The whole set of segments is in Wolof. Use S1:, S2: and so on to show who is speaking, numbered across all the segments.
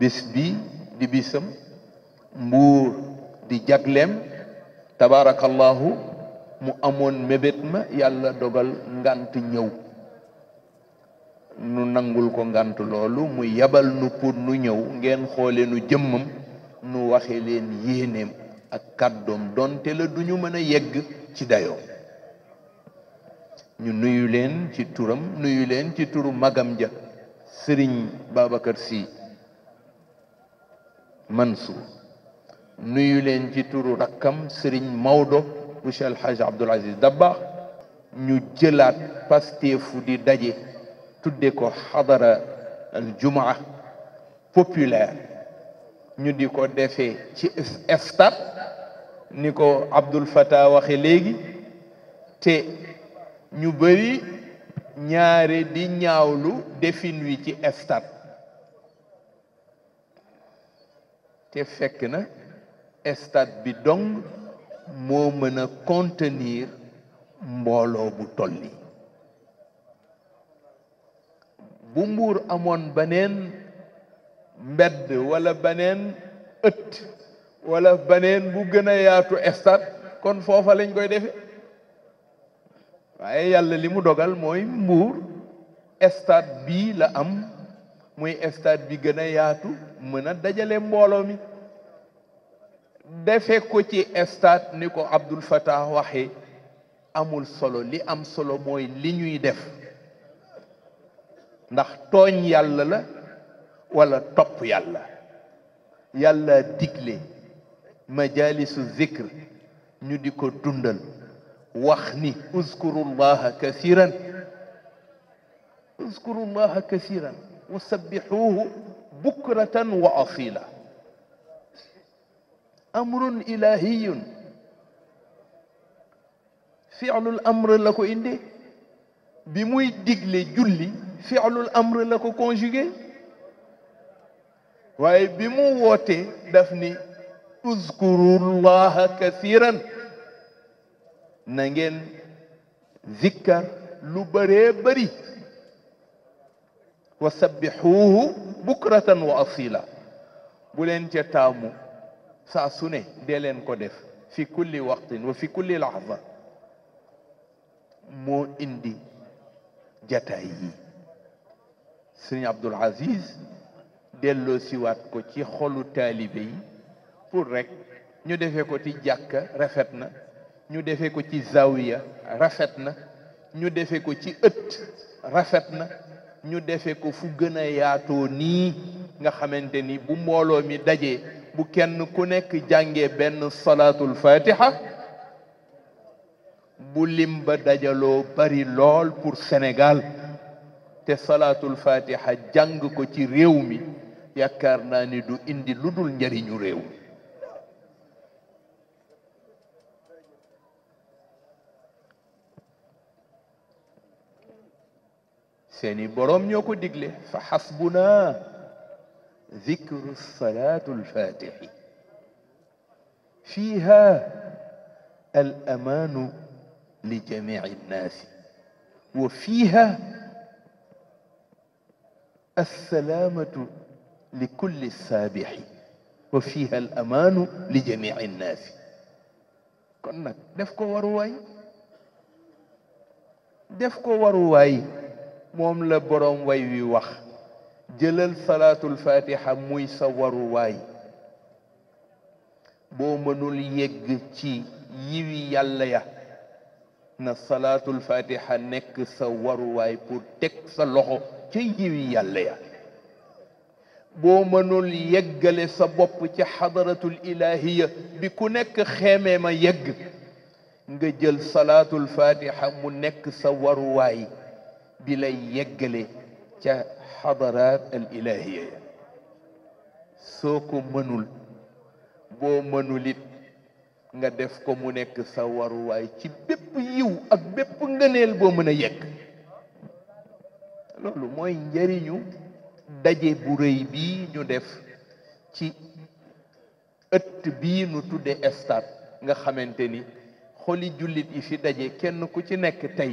S1: bis bi di bisam mbuur di jagleem tabaarakallahu mu amoon mébét ma yàlla dogal ngant ñëw nu nangul ko ngant loolu mu yabal nu pour nu ñëw ngeen xoole nu jëmmam nu waxe leen yéeneem ak kàddoom donte la du ñu mën a yegg ci dayoo ñu nuyu leen ci turam nuyu leen ci turu magam ja sëriñ Babacar sii منصور نيو لين تي تورو راكام سيرين ماودو موسى الحاج عبد العزيز دبا نيو جيلات باستيفو فودي داجي تودي كو حضر الجمعه بوبولير نيو ديكو كو ديفي تي استاد نيكو عبد الفتاح واخي ليغي تي نيو بري نياري دي نياولو ديفينوي تي استاد te fekk na stade bi dong moo mën a contenir mbooloo bu toll bu mbuur amoon beneen mbedd wala beneen ëtt wala beneen bu gën a yaatu stade kon foofa lañ koy defe waaye yàlla li mu dogal mooy mbuur stade bii la am muy estade bi gëna yaatu mën a dajale mbolo mi defe ko ci estade ni ko Abdul fatah waxee amul solo li am solo moy li ñuy def ndax togn yàlla la wala top yàlla yàlla digle majalisu zikr ñu di ko dundal wax ni uzkurullaha kasiran uzkurullaha kasiran وسبحوه بكرة وأصيلا أمر إلهي فعل الأمر لك إندي بموي ديغلي جولي فعل الأمر لك كونجيغي واي بمو ووتي دفني اذكروا الله كثيرا نانجين ذكر لبري بري وسبحوه بكرة وأصيلا بولين تامو ساسوني سوني ديلين كو في كل وقت وفي كل لحظة مو اندي جتاي سيني عبد العزيز ديلو سيوات كوتي خلو تي خولو طالبي بور ريك ني ديفي كو تي جاكا رافتنا ني زاويه رافتنا ني ديفي كو ات رافتنا ñu defe ko fu gëna a yaatoo nii nga xamante ni bu mbooloo mi dajee bu kenn ku nekk jàngee benn salaatul fatiha bu lim ba dajaloo bari lool pour Sénégal te salaatul fatiha jàng ko ci réew mi yaakaar naa ni du indi lu dul njariñu réew سني بروم يوكو ديغلي فحسبنا ذكر الصلاة الفاتح فيها الأمان لجميع الناس وفيها السلامة لكل السابح وفيها الأمان لجميع الناس كنا دفكو ورواي دفكو ورواي موم لا بروم واي وي واخ جيلل صلاه الفاتحه موي سوار واي بو منول ييغ تي ييوي يالا يا ن صلاه الفاتحه نيك سوار واي بور تك سا لوخو تي ييوي يالا يا بو منول ييغال سا بوب تي حضره الالهيه بكو نيك خيمه ما ييغ nga jël salatul fatiha mu nekk sa waruwaay bi lay yeggale ca xadaraat al ilahiya ya soo ko mënul boo mënulit nga def ko mu nekk sa waruwaay ci bépp yiw ak bépp ngëneel boo mën a yegg loolu mooy njariñu daje bu rëy bi ñu def ci ëtt bi nu tudde stade nga xamante ni xoli jullit yi fi daje kenn ku ci nekk tey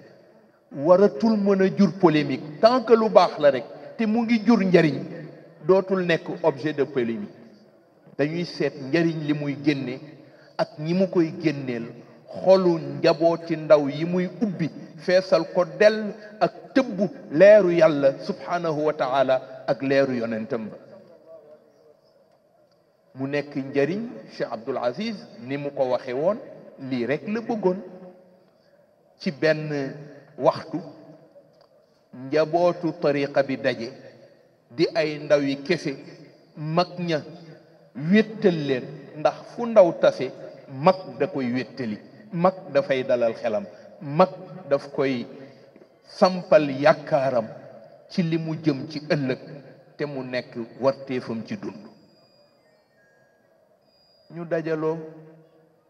S1: waratul mëna jur polémique tant lu baax la rekk te mu ngi jur njariñ dootul nekk objet de polémique dañuy seet njariñ li muy génne ak ñi mu koy génneel xolu njabooti ndaw yi muy ubbi feesal ko del ak tëbbu leeru yàlla subhaanahu wa taala ak leeru yonentam ba mu nekk njariñ Cheikh Abdoul Aziz ni mu ko waxe woon lii rekk la bëggoon ci benn waxtu njabootu tariqa bi daje di ay ndaw yi kese mag ña wéttal leen ndax fu ndaw tase mag da koy wéttali mag dafay dalal xelam mag daf koy sampal yàkkaaram ci li mu jëm ci ëllëg te mu nekk warteefam ci dund ñu dajaloo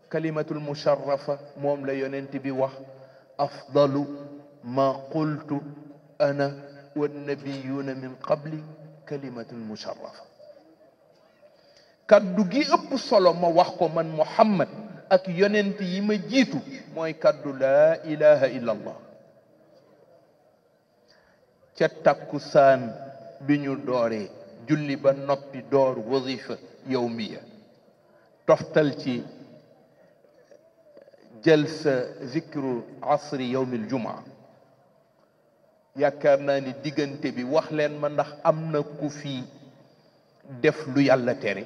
S1: kalimatul musharrafa moom la yonent bi wax afdalu ما قلت أنا والنبيون من قبل كلمة مشرفة كادو جي أب صلى ما وحكو من محمد أك يننتي ما جيتو ما يكادو لا إله إلا الله تتكسان بنيو دوري جلي بنبي دور وظيفة يومية تفتلتي جلسة ذكر عصر يوم الجمعه yaakaar naa ni diggante bi wax leen ma ndax am na ku fi def lu yàlla tere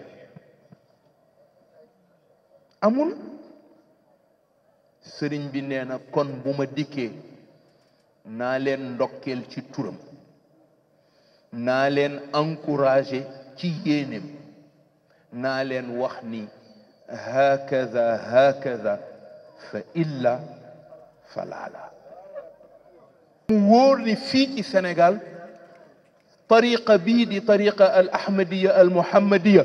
S1: amul sëriñ bi nee na kon bu ma dikkee naa leen ndokkeel ci turam naa leen encouragé ci yéenem naa leen wax ni hakaza hakaza fa illa falaala mu wóor ni fii ci Sénégal tariqa bii di tariqa al ahmadiya al muhammadiya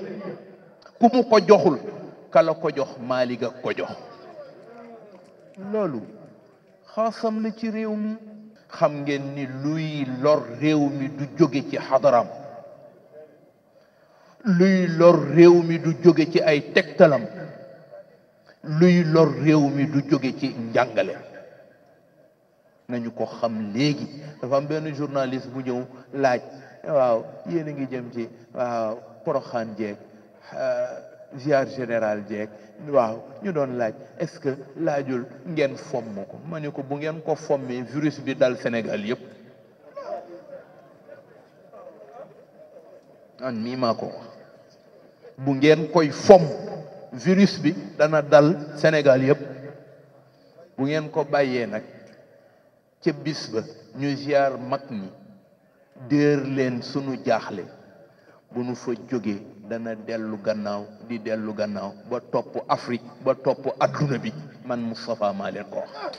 S1: ku mu ko joxul kala ko jox maaliga ko jox loolu xaasam la ci réew mi xam ngeen ni luy lor réew mi du jóge ci xadaram luy lor réew mi du jóge ci ay tegtalam luy lor réew mi du jóge ci njàngale nañu ko xam léegi dafa am benn journaliste bu ñëw laaj waaw yéen a ngi jëm ci waaw poroxaan jeeg euh, ziar général jeeg waaw ñu doon laaj est-ce que laajul ngeen fomm ko ma bu ngeen ko fommee virus bi dal Sénégal yëpp an ngeen koy fomm virus bi dana dal Sénégal yëpp bu ngeen ko bàyyee nag ca bis ba ñu ziar mag ñi déer leen sunu jaaxle bu ñu fa jógee dana dellu gannaaw di dellu gannaaw ba topp Afrique ba topp adduna bi man Moustapha maa leen ko wax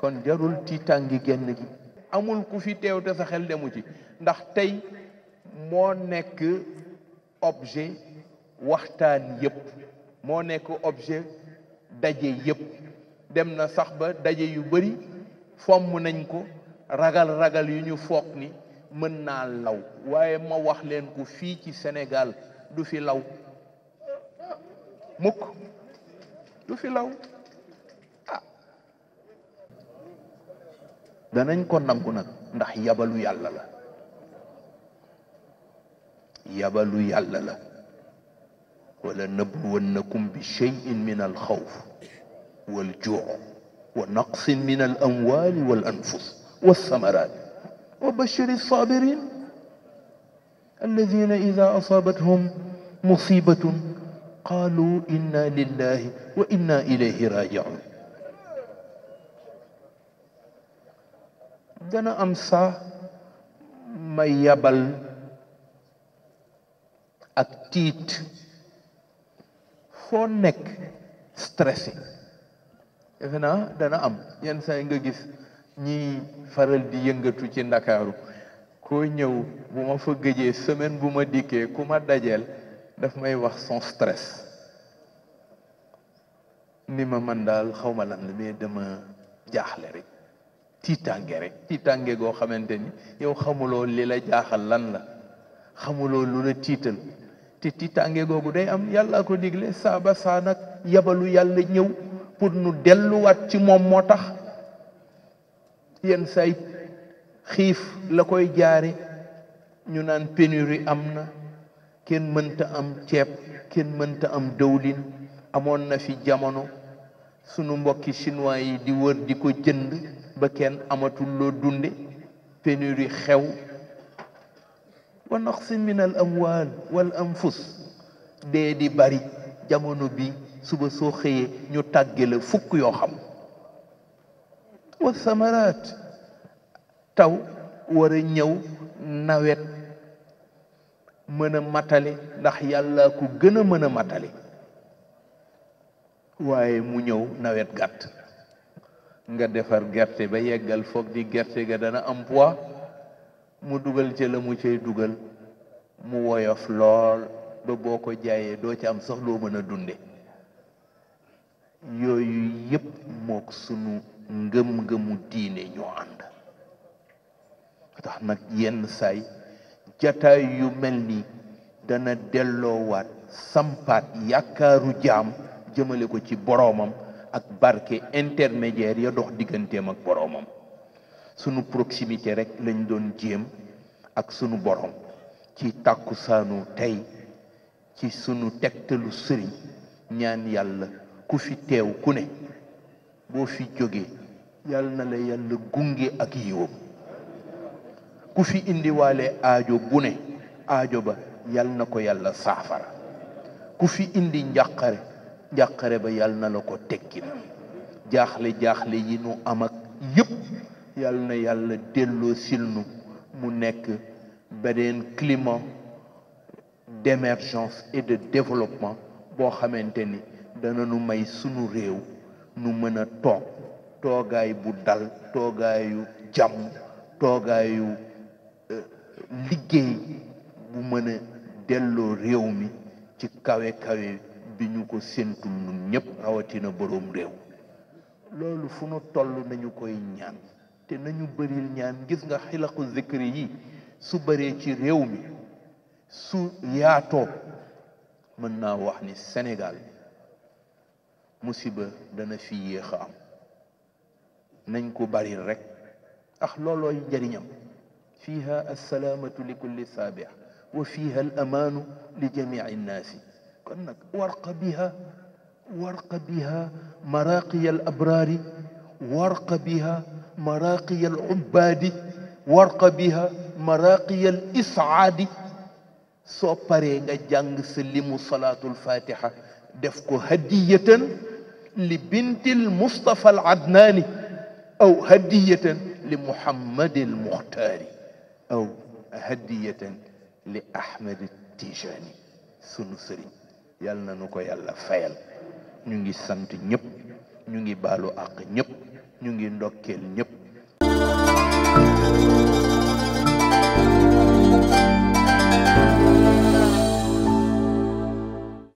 S1: kon jarul tiitangi genn gi amul ku fi teew te sa xel demu ci ndax tey moo nekk objet waxtaan yépp moo nekk objet daje yëpp dem na sax ba daje yu bari fomm nañ ko ragal-ragal yu ñu foog ni mën naa law waaye ma wax leen ko fii ci Sénégal du fi law mukk du fi law ah danañ ko nangu nag ndax yabalu yàlla la yabalu yàlla la wala nabluwannakum bi shay'in min al xawf والجوع ونقص من الأموال والأنفس والثمرات وبشر الصابرين الذين إذا أصابتهم مصيبة قالوا إنا لله وإنا إليه راجعون دنا أمسا ما يبل أكتيت فونك tiit defe naa dana am yenn saa yi nga gis ñi faral di yëngatu ci ndakaaru koo ñëw bu ma fa gëjee semaine bu ma dikkee ku ma dajeel daf may wax son stress ni ma man daal xaw ma lan la mais dama jaaxle rek tiitange rek tiitange goo xamante ni yow xamuloo li la jaaxal lan la xamuloo lu la tiital te tiitange googu day am yàlla ko digle saaba saa nag yabalu yàlla ñëw pour nu delluwaat ci moom moo tax yenn say xiif la koy jaare ñu naan pénurie am na kenn mënta am ceeb kenn mënta am dëwlin amoon na fi jamono sunu mbokki chinois yi di wër di ko jënd ba kenn amatul loo dunde pénurie xew wa naqsin min al amwal wal anfus dee di bari jamono bi suba soo xëyee ñu tàgge la fukk yoo xam wa samaraat taw wara ñëw nawet mën a matale ndax yàlla ku gën a mën a matale waaye mu ñëw nawet gàtt nga defar gerte ba yeggal foog di gerte ga dana am poids mu dugal ci la mu cay dugal mu woyof lool ba boo ko jaayee doo ci am sax loo mën a dunde yooyu yëpp mook sunu ngëm-ngëmu diine ñoo ànd tax nag yenn saay jataay yu mel ni dana delloowaat sampaat yaakaaru jaam jëmale ko ci boroomam ak barke intermédiaire ya dox digganteem ak boroomam sunu proximité rekk lañ doon jéem ak sunu boroom ci tàkkusaanu tey ci sunu tegtalu sëriñ ñaan yàlla ku fi teew ku ne boo fi jógee yàlla na la yàlla gunge ak yiwam ku fi indiwaale aajo bu ne aajo ba yàlla na ko yàlla saafara ku fi indi njàqare njàqare ba yàlla na la ko tekkil jaaxle jaaxle yi nu am ak yëpp yàlla na yàlla delloo silnu mu nekk beneen climat d'émergence et de développement boo xamante ni dana nu may sunu réew nu mën a toog toogaay bu dal toogaayu jàmm toogaayu euh, liggéey bu mën a delloo réew mi ci kawe kawe bi ñu ko séntul nun ñépp rawatina boroom réew loolu fu nu toll nañu koy ñaan te nañu bëril ñaan gis nga xilaqu zikri yi su bëree ci réew mi su yaatoo mën naa wax ni Sénégal musiba dana fi yéex am nañ ko bari rek ndax loolooy jariñam fiha assalaamatu li kulli sabih wa fiha al aman li an-nas kon nak warqa biha warqa biha maraqi al abrari warqa biha maraqi al ubbaadi warqa biha maraqi al isaadi so pare nga jàng sa limu salaatul fatiha دفكو هدية لبنت المصطفى العدناني أو هدية لمحمد المختار أو هدية لأحمد التيجاني سنسري يالنا نوكو يالا فايل نيجي سانت نيب نيجي بالو أق نيب نيجي ندوكيل نيب